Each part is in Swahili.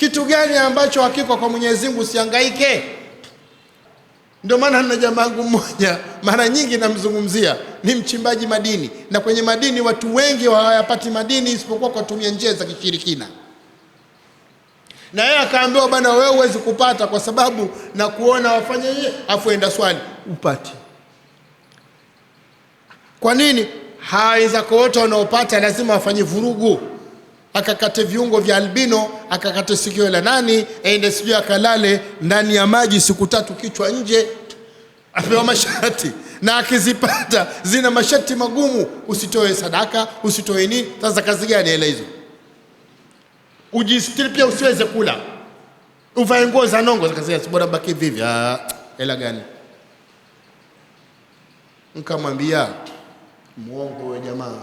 Kitu gani ambacho hakiko kwa Mwenyezi Mungu usihangaike? Ndio maana na jamaangu mmoja mara nyingi namzungumzia, ni mchimbaji madini, na kwenye madini watu wengi hawayapati madini isipokuwa kwa kutumia njia za kishirikina, na yeye akaambiwa, bwana, wewe huwezi kupata kwa sababu na kuona wafanye yeye, afu enda swali upate. Kwa nini? Hawaweza wote wanaopata lazima wafanye vurugu akakate viungo vya albino, akakate sikio la nani, aende sijui akalale ndani ya maji siku tatu, kichwa nje, apewa masharti na akizipata zina masharti magumu, usitoe sadaka, usitoe nini. Sasa kazi gani hela hizo? Ujistiri pia usiweze kula, uvae nguo za nongo, bora baki vivi. Ah, hela gani? Nkamwambia mwongo we jamaa,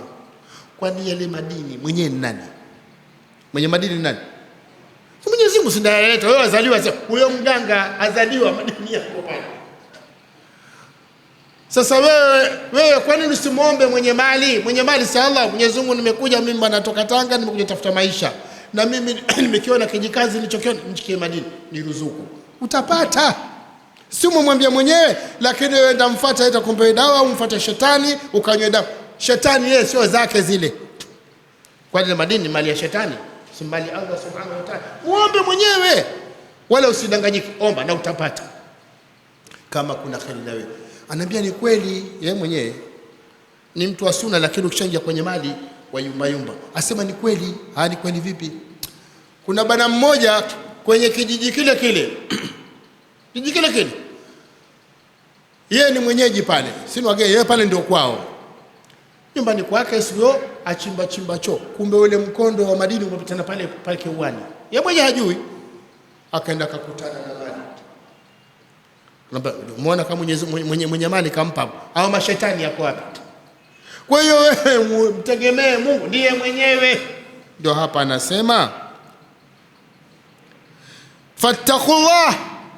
kwani yale madini mwenyewe ni nani? Mwenye madini ni nani? Mwenyezi Mungu sindayaleta. Wewe azaliwa sasa, huyo mganga azaliwa madini yako pale. Sasa wewe wewe, kwa nini usimwombe mwenye mali? Mwenye mali si Allah? Mwenyezi Mungu, nimekuja mimi bwana, natoka Tanga, nimekuja tafuta maisha na mimi nimekiona kijikazi nilichokiona nichikie madini ni ruzuku, utapata. Si umemwambia mwenyewe? Lakini wewe ndamfuata aita kumbe dawa, au umfuate shetani ukanywe dawa. Shetani yeye sio zake zile, kwa ile madini mali ya shetani simbali Allah subhanahu wa ta'ala, muombe mwenyewe wala usidanganyike, omba na utapata kama kuna kheri na wewe. Anaambia ni kweli, yeye mwenyewe ni mtu wa sunna, lakini ukishaingia kwenye mali wa yumba, Asema ni kweli. Haa, kweli vipi? Kuna bana mmoja kwenye kijiji kile kile kijiji kile kile, yeye ni mwenyeji pale, sini wageni, yeye pale ndio kwao, nyumbani kwake sio achimba chimba cho, kumbe ule mkondo wa madini umepitana pale pale keuani. Yeye mwenye hajui, akaenda akakutana na maji Umeona kama mwenye, mwenye, mwenye mali kampa au mashetani yako wapi? Kwa hiyo wewe mtegemee Mungu ndiye mwenyewe. Ndio hapa anasema fattaqullah,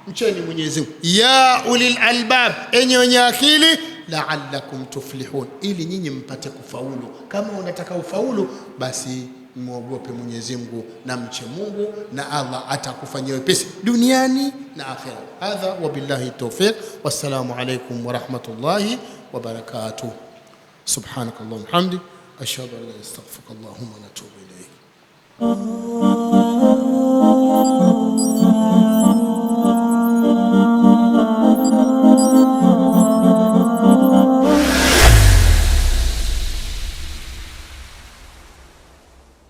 mcheni Mwenyezi Mungu, ya ulil albab, enye wenye akili la'allakum tuflihun, ili nyinyi mpate kufaulu. Kama unataka ufaulu, basi muogope Mwenyezi Mungu na mche Mungu, na Allah atakufanyia wepesi duniani na akhera. Hadha wabillahi tawfiq, wassalamu alaykum wa rahmatullahi wa barakatuh. Subhanakallahumma wa hamdik ashhadu an la ilaha illa anta astaghfiruka wa atubu ilayk.